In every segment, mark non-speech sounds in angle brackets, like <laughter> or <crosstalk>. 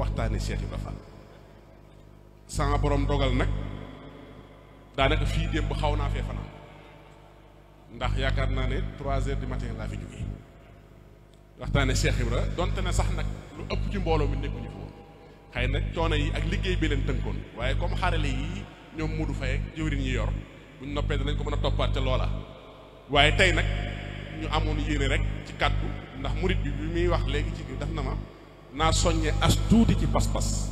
waxtaane Cheikh Ibra Fall sama borom dogal nag daanaka fii démb xaw naa fee fanaan ndax yaakaar naa ne trois heures du matin laa fi jógee waxtaane Cheikh Ibra donte ne sax nag lu ëpp ci mbooloo mi nekkuñu fi woon xëy nag coono yi ak liggéey bi leen tënkoon waaye comme xarale yi ñoom Modou Faye ak jëwriñ yi yor buñ noppee danañ ko mën a toppaat ca loola waaye tey nag ñu amoon yéene rek ci kàddu ndax murit bi bi muy wax léegi ci daf na ma Nasonya soññe as ci pas pass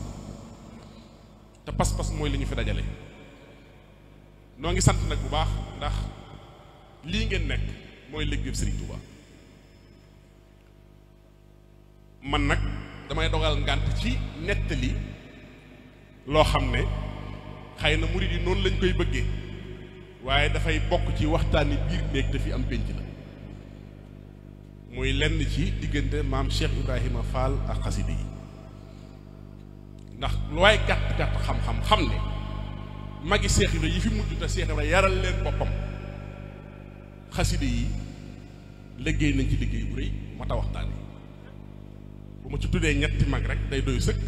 te pas pass moy liñu fi dajalé no ngi sant nak bu baax ndax li ngeen nek moy liggéey Serigne Touba man nak damay dogal ngant ci netali lo xamné ne mouride non lañ koy bëggee da fay bok ci waxtani biir nek te fi am penc la muy lenn ci diggante maam Cheikh Ibrahima Fall ak xasida yi ndax looy gàtt gàtt xam-xam xam ne magi Cheikh Ibrahima yi fi mujj te Cheikh yaral leen boppam xasida yi léggéey nañ ci liggéey bu rëy moo tax waxtaan bu ma ci tuddee ñetti mag rek day doy sëkk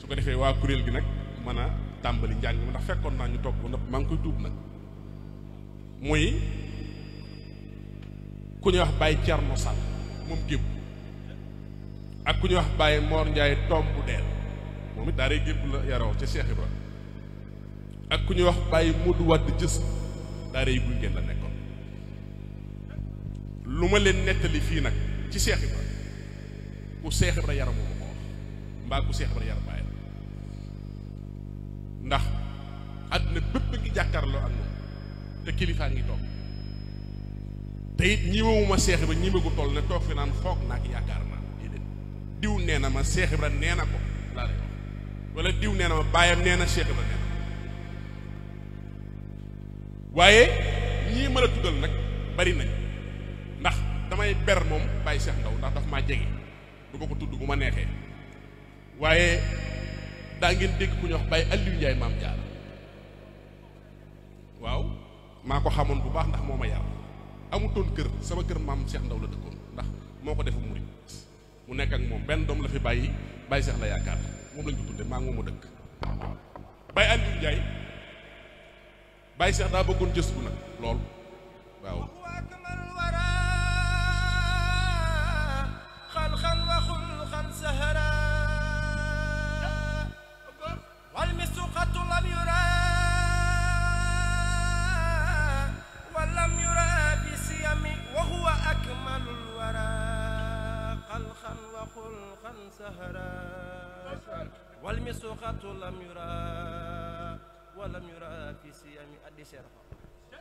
su ko defee waa kuréel gi nag mën a tàmbali njàng ma ndax fekkoon naa ñu toog ba nopp maa ngi koy tuub nag muy ku ñuy wax Baye Thierno Sall moom gébb ak ku ñuy wax Baye njaay Ndiaye tombu deel moom it daaree gébb la yaroo ca Cheikh Ibra ak ku ñuy wax Baye Modou Wade jës daaree yi ngeen la nekkoon lu ma leen nettali fii nag ci Cheikh Ibra ku Cheikh Ibra yaram moo ko wax mbaa ku Cheikh Ibra bàyyi ndax àdduna bépp ngi jàkkaarloo ak moom te kilifaa ngi toog te it ñimewuma Seex Ibra ñime gu toll ne toog fi naan foog naa ak yaakaar naa déedéet diw nee na ma Seex Ibra nee na ko laa lay wax diw nee na ma baayam nee na Seex Ibra nee na waaye ñii mën a tuddal nag bari nañ ndax damay ber moom bàyyi Seex Ndaw ndax daf maa jege du ko tudd bu ma neexee waaye daa ngeen dégg ku ñu wax bàyyi Aliou Ndiaye maam Jaara waaw maa ko xamoon bu baax ndax moo ma yar amutoon kër sama kër maam Cheikh Ndaw la dëkkoon ndax moo ko defu murid mu nekk ak moom benn doom la fi bàyyi bàyyi Cheikh la yaakaar moom lañ ko tudde maa ngi moom a dëkk Baye Aliou Ndiaye bàyyi Cheikh daa bëggoon jës bu nag lool waaw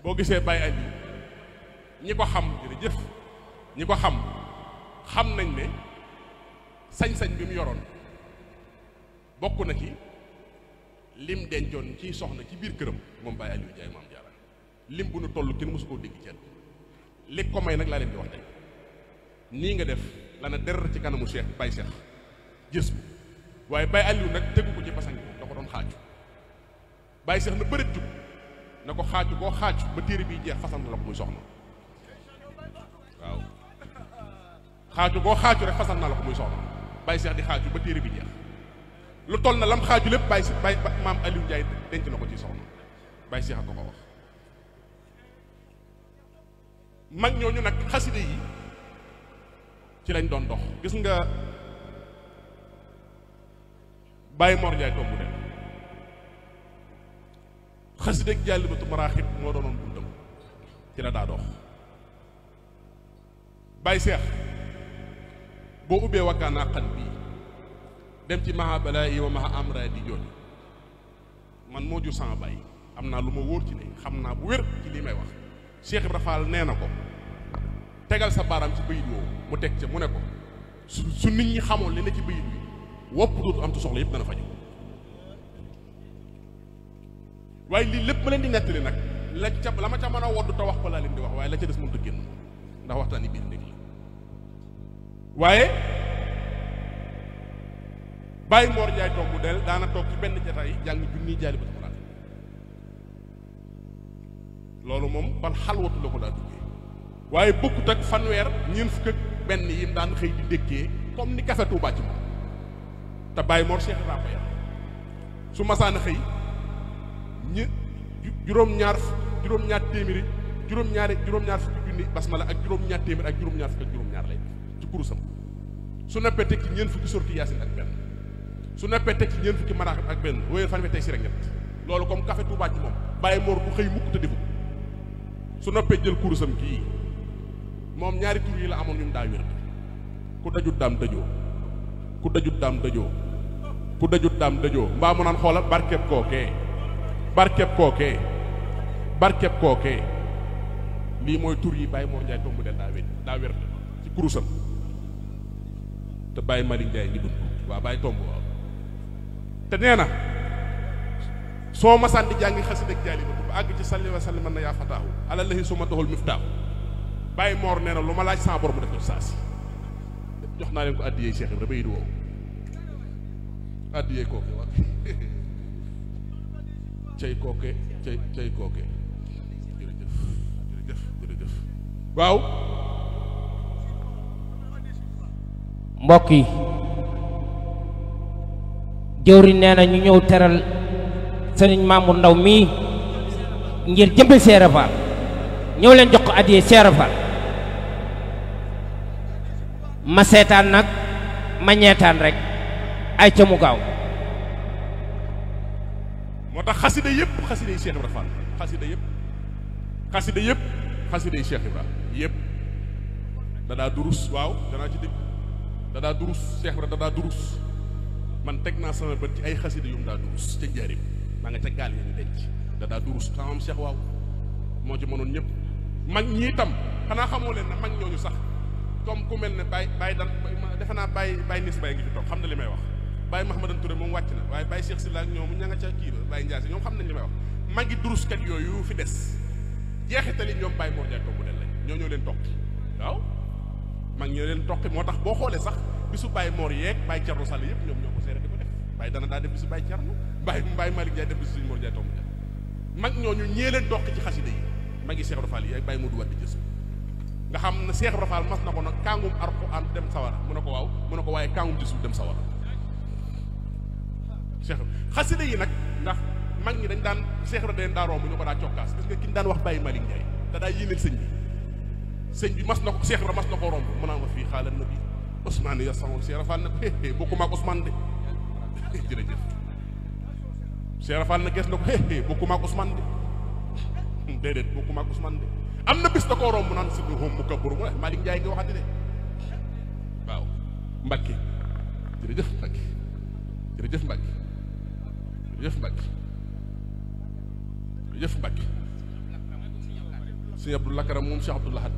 boo gisee bàyyi añ ñi ko xam jërëjëf ñi ko xam xam nañ ne sañ-sañ bi mu yoroon bokk na ci lim dencoon ciy soxna ci biir këram moom bay Aliou Ndiaye maam Jaara lim bu nu toll kenn mësu koo dégg ci li ko may nag laa leen di wax tey nii nga def lana der ci kanamu Cheikh Baye Cheikh gis ko waaye Baye Aliou nag tegu ko ci basan da ko doon xaaju Baye Cheikh na bërit jug na ko xaaju koo xaaju ba téere bi jeex fasal na la ko muy soxna waaw xaaju koo xaaju rek fasal na la ko muy soxna bàyyi seex di xaaju ba téere bi jeex lu toll na lam xaaju lépp bàyyi si bàyyi maam Aliou Ndiaye denc na ko ci soxna bàyyi seex a ko ko wax mag ñooñu nag xaside yi ci lañ doon dox gis nga bàyyi Mor Ndiaye tomb de xasida ak jàllibatu maraaxib moo doonoon buntam ci la daa dox bàyyi seex boo ubbee wakkaana xan bii dem ci maha yi wa maha amra di jooju man moo jur sama bay am naa lu ma wóor ci ne xam naa bu wér ci lii may wax Cheikh Ibra nee na ko tegal sa baaraam ci bayit woowu mu teg ca mu ne ko su nit ñi xamoon li ne ci bayit bi wopp dootu am tu soxla yëpp dana faju waaye lii lépp ma leen di nettali nag la ca la ma ca mën a woddu te wax ko laa leen di wax waaye la ca des mënut a génn ndax waxtaan yi biir néeg la waaye bàyyi Mor Njaay toog del daana toog ci benn jataay jàng junniy jaali ba tumaraa loolu ban xalwatu la ko daa duggee waaye bokkut ak fanweer ñeent fukk ak yi daan xëy di dékkee comme ni kafe Tuubaa ci ta te bàyyi Mor Cheikh Rafa ya su masaana xëy ñi juróom-ñaar juróom-ñaar téeméeri juróom-ñaari juróom-ñaar fukki junni basmala ak juróom-ñaar téeméer ak juróom-ñaar fukk ak juróom-ñaar lay ci kurusam su nappee teg ci ñeen fukki sorti yaasin ak benn su nappee teg ci ñeen fukki maraax ak benn wéyal fanweer tey si rek ñett loolu comme café Touba ci moom bàyyi moor du xëy mukk te defu su nappee jël kurusam gii moom ñaari tur yi la amoon ñun daa wér ku dajut daam dajoo ku dajut daam dajoo ku dajut daam dajoo mbaa mu naan xoola barkeb kookee barkeb kookee barkeb kookee lii mooy tur yi Baye Mor Ndiaye tomb de daa wér daa wér ci kurusam te Baye Malick Ndiaye ngi dund waaw Baye tomb waaw te nee na soo masaan di jàngi xasida ak jaali ba àgg ci salli wa salliman na yaa fataahu ala lahi doxul miftaahu Baye Mor nee lu ma laaj sa borom def saa si jox naa leen ko àddiyee Cheikh Ibrahima yi di woo àddiyee kooku waaw <laughs> cay kooke waaw mbokk yi jëwri nee na ñu ñëw teral sëriñ Mamour Ndaw mii ngir jëmbe Seere Faal ñëw leen jox ko addiyee Seere Faal ma seetaan nag ma ñeetaan rek ay ca mu gaaw moo tax xasida yëpp xasida yi Cheikh Ibra Fall xasida yëpp xasida yëpp xasida yi Cheikh Ibra yëpp dadaa durus waaw danaa ci dégg dadaa durus Cheikh Ibra dadaa durus man teg naa sama bët ci ay xasida yum daa durus ca njëriñ maa nga ca gaal ya ñu denc dadaa durus xamam Cheikh waaw moo ci mënoon ñëpp mag ñii tam xanaa xamoo leen ne mag ñooñu sax comme ku mel ne bàyyi bàyyi dan defe naa bàyyi bàyyi nis bàyyi ngi fi toog xam na li may wax bay Mahamadan Touré mom wacc na waaye bay Cheikh Sylla ak ñoom ñanga ci ki kii ba Baye Ndiassé ñoom xam li may wax magi durus kat yoyu fi dess jeexitali ñoom bay Mor Diagne Tomb del lañ ñoo ñoo leen toqi waw mag ñoo leen toqi motax bo xolé sax bisu bay Mor yek bay Thierno Sall yep ñoom ñoko séré seere ko def bay dana da def bisu bay Thierno bay bay malik Diagne def bisu Serigne Mor Diagne Tomb del mag ñooñu ñee leen toqi ci xasida yi magi Cheikh Rafal yi bay Baye Modou Wade jësu nga xam Cheikh Rafal mas nako nak kangum arqu an dem sawara mu nako waw mu nako waye kangum kàngum dem sawara Cheikh xasida yi nag ndax mag ñi dañ daan Cheikh Ibra dañ daa romb ñu ko daa cokkaas gis nga ki daan wax Baye Malick Ndiaye da sëñ bi sëñ bi mas na ko Cheikh mas na ma fii xaalal na bi Ousmane ya saxoon Cheikh Rafal na hé bokkuma ak Ousmane de <laughs> jërëjëf Cheikh Rafal na gees na ko hé bokkuma ak Ousmane de <laughs> déedéet bokkuma am na bis da koo romb naan siddu hom mu kabur de waaw Mbacke jërëjëf Mbacke jërëjëf Mbacke jëf Mbacke jëf Mbacke sëñ Abdou Lakaram moom Cheikh Abdou Lahad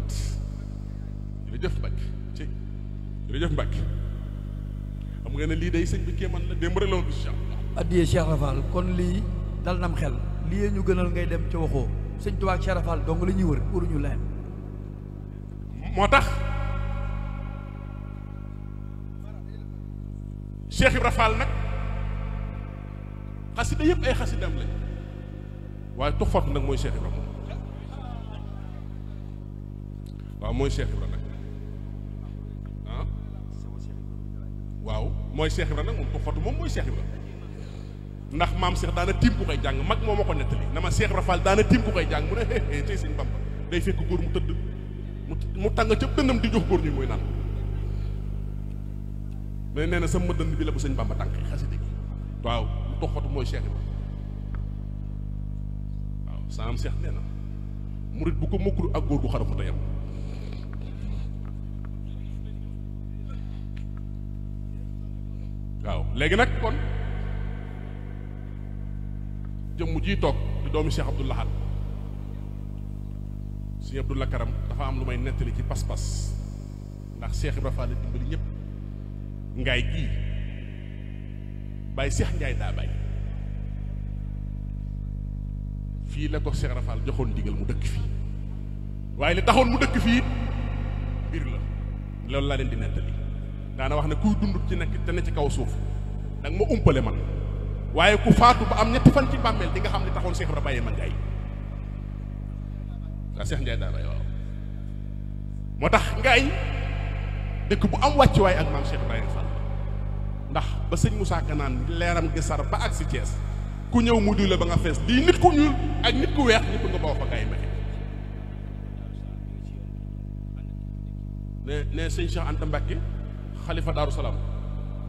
jërëjëf Mbacke ci jërëjëf Mbacke xam nga ne lii day sëñ bi kéeman la démb rek la ma gis Cheikh kon lii dal nam xel lii ñu gënal ngay dem ca waxoo sëñ Tuubaa ak Cheikh Rafal dong la ñuy wër waruñu leen moo tax Cheikh Ibra nag khasida yep ay khasidam lañ waaye tuxfatu nak moy Cheikh ibrahim wa moy Cheikh ibrahim nak ah waaw moy Cheikh Ibra nag moom tuxfatu mom moy Cheikh ibrahim ndax mam Cheikh dana tiim ku koy jàng mag moo ma ko nettali Cheikh rafal dana daana tiim ku koy jàng mu ne hee tey Bamba day fekk gor mu teud mu tang ci dënnam di jox gor ñi moy nan mais neena na sama dënn bi la bu seigne Bamba tank xasida gi waaw doxatu moy cheikh bi waaw saam cheikh nee na bu ko mokru ak góor gu xaramu tayam waaw legi nak kon jëm ji tok di doomi cheikh abdullah lahad si abdullah karam dafa am lu may nettali ci pass pass ndax cheikh ibrahim fall dimbali ñep ngay gi bàyyi Seex Njaay daa bàyyi fii la ko Seex Rafaal joxoon ndigal mu dëkk fii waaye li taxoon mu dëkk fii mbir la loolu la leen di nettali daana wax ne kuy dund ci nekk te ne ci kaw suuf danga ma umpale man waaye ku faatu ba am ñetti fan ci bàmmeel di nga xam ne taxoon Seex Ibra ma Njaay waa Seex Njaay daa waaw moo tax Ngaay dëkk bu am wàccuwaay ak maam Cheikh Ibrahima Fall ndax ba seigne Moussa Ka leram leeram gi sar ba ak ci ties ku ñew mu la ba nga fess di nit ku ñul ak nit ku weex ñëpp nga boo fa kay mexe ne ne seigne Cheikh Anta Mbacke khalifa daru salam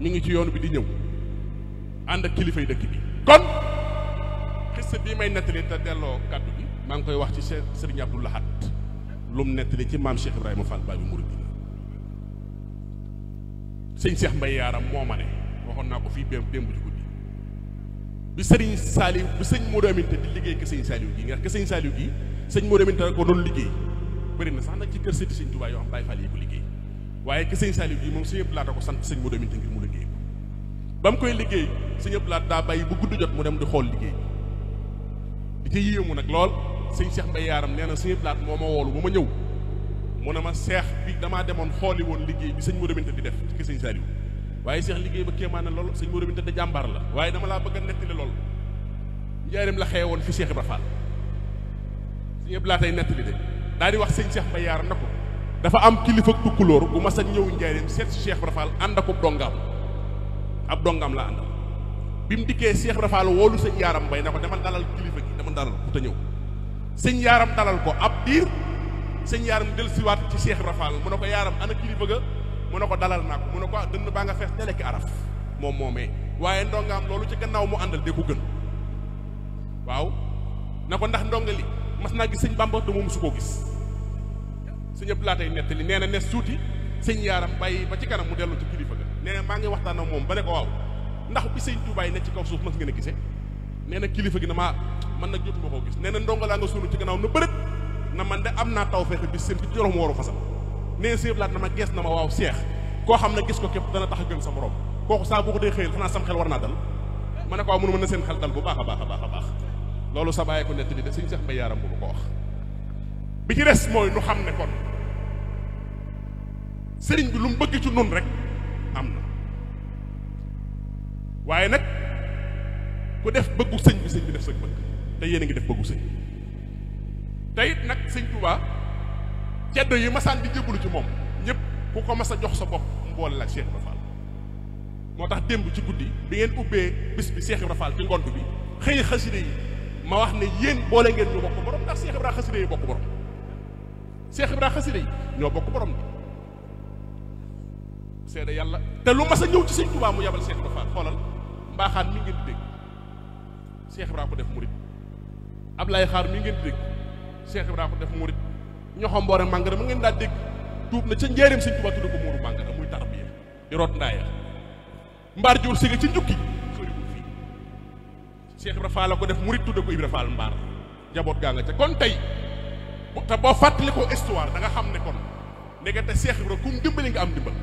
ñi ngi ci yoon bi di ñew and ak yi dëkk bi kon xiste bi may nettali ta delloo kaddu bi ma ngi koy wax ci seigne Abdou Lahat lum nettali ci mam Cheikh Ibrahima Fall bi Mouride sëñ Cheikh mbay yaaram moo ma ne waxoon naa ko fii démb démb ci guddi bi sëriñ Saliou bi sëñ Modou Aminta di liggéey ke sëñ Saliou gii nga ke sëñ Saliou gii sëñ Modou Aminta ko doon liggéey bëri na sax nag ci kër sëti sëñ Touba yoo xam Baye Fall yi ko liggéey waaye ke sëñ Saliou gii ko sant sëñ Modou Aminta ngir mu liggéey ba mu koy liggéey sëñ Abdou laat daa bàyyi bu gudd jot mu dem di xool liggéey di ca yéemu nag lool sëñ Cheikh Mbaye yaaram nee na sëñ Abdou Lahad moo ma woolu ma ma ñëw mu ne ma seex bi damaa demoon xooli woon liggéey bi sëñ Modou Binta di def ci sëñ Saliou waaye seex liggéey ba kéemaan na lool sëñ Modou Binta da jàmbaar la waaye dama laa bëgg a nettali lool njaareem la xewoon fi Seex Ibra Faal sëñ Abdu Lahat tey nettali de daal di wax sëñ Seex ba yaar na ko dafa am kilifa tukkulóor bu mas a ñëw njaareem seet si Seex Ibra Faal ànd ak dongaam ab dongaam la àndal bi mu dikkee Seex Ibra Faal woolu sëñ yaaram bay na ko dama dalal kilifa gi dama dalal ku te ñëw sëñ yaaram dalal ko ab diir sëñ yaaram del siwaat ci Cheikh Ibra Fall mu ne ko yaaram a kilifa ga mu ne ko dalal naa ko mu a ko ah dënn baa nga fees telekki araf moom moomee waaye ndongaam loolu ci gannaaw mu àndal de ko gën waaw na ko ndax ndongali mas naa gis sëñ Bamba te moom su koo gis sëñ Abdou Lahat ay nettali nee na nes tuuti sëñ yaaram bàyyi ba ci kanam mu dellu ci kilifa ga nee maa ngi waxtaan ak moom ba ne ko waaw ndax bi sëñ Tuubaa yi ci kaw suuf mas ngeen a gisee nee na kilifa gi damaa man nag jotuma koo na ndongalaa nga suulu ci gannaaw man de am naa taw fexe bi seen ci jorom waru fasal nee séef laat na ma gees na ma waaw seex koo xam ne gis ko képp dana tax a gëm sa morom kooku saa boo ko dee xëyal xanaa sam xel war naa dal ma ne ko waaw mënu mën na seen xel dal bu baax a baax a baax a baax loolu sa bàyyi ko nett di de suñu seex mbay yaaram bu ko wax bi ci des mooy nu xam ne kon sëriñ bi lu mu bëgg ci nun rek am na waaye nag ku def bëggu sëñ bi sëñ bi def sa bëgg te yéen a ngi def bëggu sëñ te it nag sëñ Touba ceddo yi masaan di jébbalu ci moom ñëpp ku ko mas a jox sa bopp mboole la Cheikh Ibra moo tax démb ci guddi bi ngeen ubbee bis bi Cheikh Ibra Fall ci ngont bi xëy xaside yi ma wax ne yéen boole ngeen ñu bokk borom ndax Cheikh xaside yi bokk borom Cheikh xaside yi ñoo bokk borom bi seede yàlla te lu mas ñëw ci sëñ Touba mu yabal Cheikh Ibra Fall xoolal mbaaxaan mi ngeen di dégg Cheikh Ibra ko def murit Ablaye Xaar mi ngeen Cheikh Ibrahima def ñu ñoxo mboore mangara ma ngeen da dégg tuub na ci njéerim seigne touba tuddu ko muuru mangara muy tarbiya di rot ndaaya mbar jur siga ci njukki Cheikh ibrahim Fall ko def mourid tuddu ko ibrahim Fall mbar jabot ga nga ca kon tay te boo fàttali ko histoire da nga xam ne kon te Cheikh ibrahim kum dimbali nga am dimbal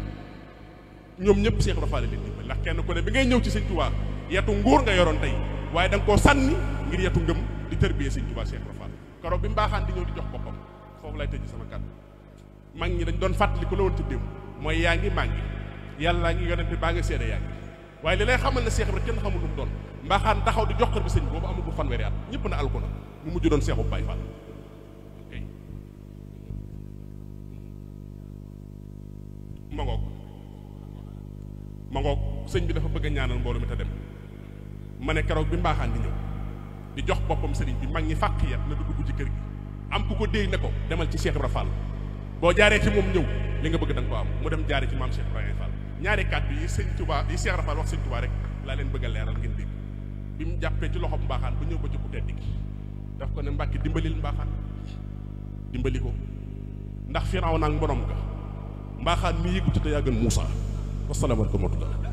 ñom ñep Cheikh ibrahim Fall leen dimbali la kenn ko ne bi ngay ñew ci seigne touba yatu nguur nga yoron tay waye dang ko sanni ngir yatu ngëm di seigne touba Cheikh ibrahim keroog bi mbaaxaan di ñëw di jox boppam foofu lay tëj sama kàddu mag ñi dañ doon fàttali ku la woon déw mooy yaa ngi maa ngi yàllaa ngi yonent bi baa ngi seede yaa waaye li lay xamal ne seex bi kenn xamul lu doon mbaaxaan taxaw di jox kër bi sëñ boobu amagul fanweeri at ñëpp na alku na mu mujj doon seexu Baay Faal ma ngoog sëñ bi dafa bëgg a ñaanal mbooloo te dem ma ne keroog bi mbaaxaan di ñëw di jox bopam serigne bi magni ñi fàq na dugg bu ci kër gi am ku ko déy ne ko demal ci Cheikh ibrahim Fall bo jaare ci mom ñew li nga bëgg dang ko am mu dem jaare ci mam Cheikh ibrahim Fall ñaari kaddu yi serigne Touba yi Cheikh ibrahim Fall wax serigne Touba rek la leen bëgg leral ngeen dig bimu jappé ci loxom mbaaxaan bu ñew ba ci ku tedd gi daf ko ne mbàkki dimbalil mbaaxaan dimbali ko ndax firaw naag borom ga mbaaxaan mi yëgutu te yaa gën Moussa wasalaamaaleykum wa rahmatulah